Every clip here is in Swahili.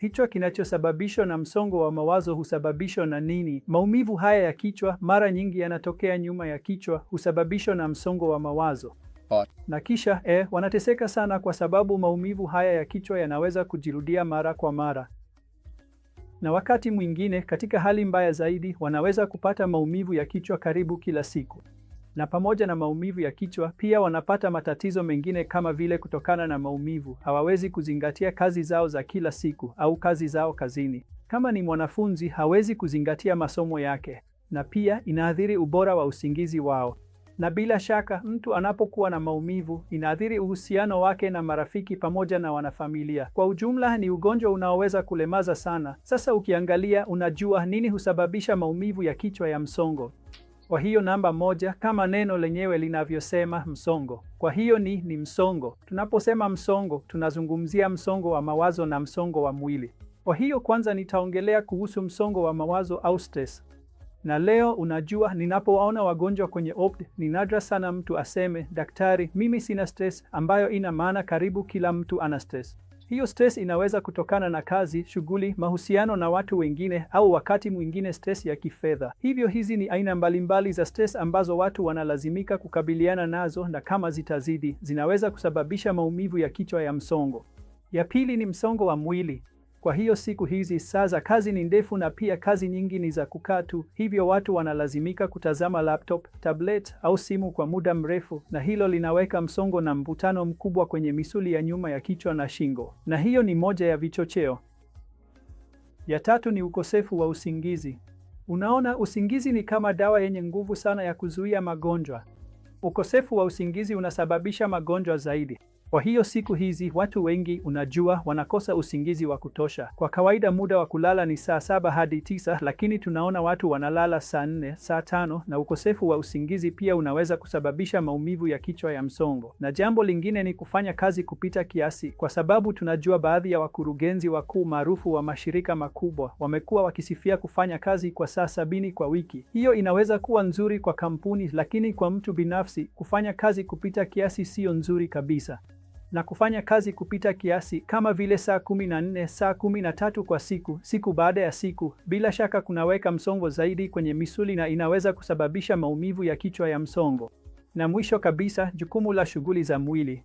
Kichwa kinachosababishwa na msongo wa mawazo husababishwa na nini? Maumivu haya ya kichwa mara nyingi yanatokea nyuma ya kichwa, husababishwa na msongo wa mawazo na kisha e, wanateseka sana kwa sababu maumivu haya ya kichwa yanaweza kujirudia mara kwa mara, na wakati mwingine, katika hali mbaya zaidi, wanaweza kupata maumivu ya kichwa karibu kila siku na pamoja na maumivu ya kichwa pia wanapata matatizo mengine kama vile kutokana na maumivu hawawezi kuzingatia kazi zao za kila siku au kazi zao kazini. Kama ni mwanafunzi, hawezi kuzingatia masomo yake, na pia inaathiri ubora wa usingizi wao. Na bila shaka, mtu anapokuwa na maumivu inaathiri uhusiano wake na marafiki pamoja na wanafamilia. Kwa ujumla, ni ugonjwa unaoweza kulemaza sana. Sasa ukiangalia, unajua nini husababisha maumivu ya kichwa ya msongo? Kwa hiyo namba moja, kama neno lenyewe linavyosema msongo, kwa hiyo ni ni msongo. Tunaposema msongo, tunazungumzia msongo wa mawazo na msongo wa mwili. Kwa hiyo kwanza nitaongelea kuhusu msongo wa mawazo au stress. Na leo unajua, ninapowaona wagonjwa kwenye OPD ni nadra sana mtu aseme daktari, mimi sina stress, ambayo ina maana karibu kila mtu ana stress. Hiyo stress inaweza kutokana na kazi, shughuli, mahusiano na watu wengine, au wakati mwingine stress ya kifedha. Hivyo hizi ni aina mbalimbali za stress ambazo watu wanalazimika kukabiliana nazo, na kama zitazidi, zinaweza kusababisha maumivu ya kichwa ya msongo. Ya pili ni msongo wa mwili. Kwa hiyo siku hizi sasa kazi ni ndefu na pia kazi nyingi ni za kukaa tu, hivyo watu wanalazimika kutazama laptop, tablet au simu kwa muda mrefu, na hilo linaweka msongo na mvutano mkubwa kwenye misuli ya nyuma ya kichwa na shingo, na hiyo ni moja ya vichocheo. Ya tatu ni ukosefu wa usingizi. Unaona, usingizi ni kama dawa yenye nguvu sana ya kuzuia magonjwa. Ukosefu wa usingizi unasababisha magonjwa zaidi. Kwa hiyo siku hizi watu wengi, unajua, wanakosa usingizi wa kutosha. Kwa kawaida muda wa kulala ni saa saba hadi tisa, lakini tunaona watu wanalala saa nne, saa tano, na ukosefu wa usingizi pia unaweza kusababisha maumivu ya kichwa ya msongo. Na jambo lingine ni kufanya kazi kupita kiasi, kwa sababu tunajua baadhi ya wakurugenzi wakuu maarufu wa mashirika makubwa wamekuwa wakisifia kufanya kazi kwa saa sabini kwa wiki. Hiyo inaweza kuwa nzuri kwa kampuni, lakini kwa mtu binafsi kufanya kazi kupita kiasi siyo nzuri kabisa na kufanya kazi kupita kiasi kama vile saa kumi na nne, saa kumi na tatu kwa siku, siku baada ya siku, bila shaka kunaweka msongo zaidi kwenye misuli na inaweza kusababisha maumivu ya kichwa ya msongo. Na mwisho kabisa, jukumu la shughuli za mwili.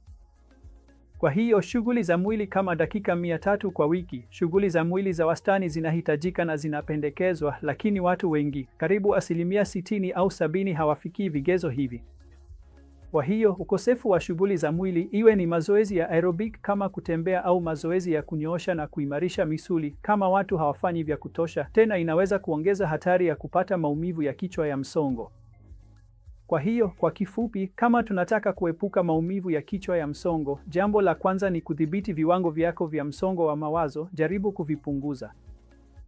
Kwa hiyo shughuli za mwili kama dakika mia tatu kwa wiki, shughuli za mwili za wastani zinahitajika na zinapendekezwa, lakini watu wengi, karibu asilimia sitini au sabini hawafikii vigezo hivi. Kwa hiyo ukosefu wa shughuli za mwili, iwe ni mazoezi ya aerobic kama kutembea au mazoezi ya kunyoosha na kuimarisha misuli, kama watu hawafanyi vya kutosha, tena inaweza kuongeza hatari ya kupata maumivu ya kichwa ya msongo. Kwa hiyo kwa kifupi, kama tunataka kuepuka maumivu ya kichwa ya msongo, jambo la kwanza ni kudhibiti viwango vyako vya msongo wa mawazo, jaribu kuvipunguza.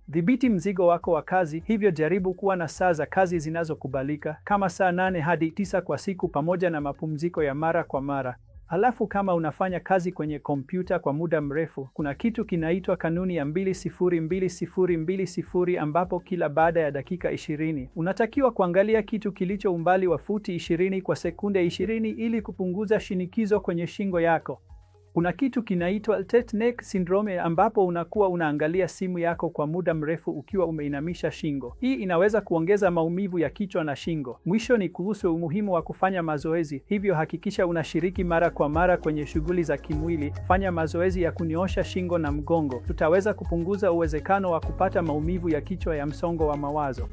Dhibiti mzigo wako wa kazi, hivyo jaribu kuwa na saa za kazi zinazokubalika kama saa nane hadi tisa kwa siku pamoja na mapumziko ya mara kwa mara. Halafu kama unafanya kazi kwenye kompyuta kwa muda mrefu, kuna kitu kinaitwa kanuni ya 20 ambapo kila baada ya dakika 20 unatakiwa kuangalia kitu kilicho umbali wa futi 20 kwa sekunde 20 ili kupunguza shinikizo kwenye shingo yako kuna kitu kinaitwa tight neck syndrome ambapo unakuwa unaangalia simu yako kwa muda mrefu ukiwa umeinamisha shingo. Hii inaweza kuongeza maumivu ya kichwa na shingo. Mwisho ni kuhusu umuhimu wa kufanya mazoezi, hivyo hakikisha unashiriki mara kwa mara kwenye shughuli za kimwili. Fanya mazoezi ya kuniosha shingo na mgongo, tutaweza kupunguza uwezekano wa kupata maumivu ya kichwa ya msongo wa mawazo.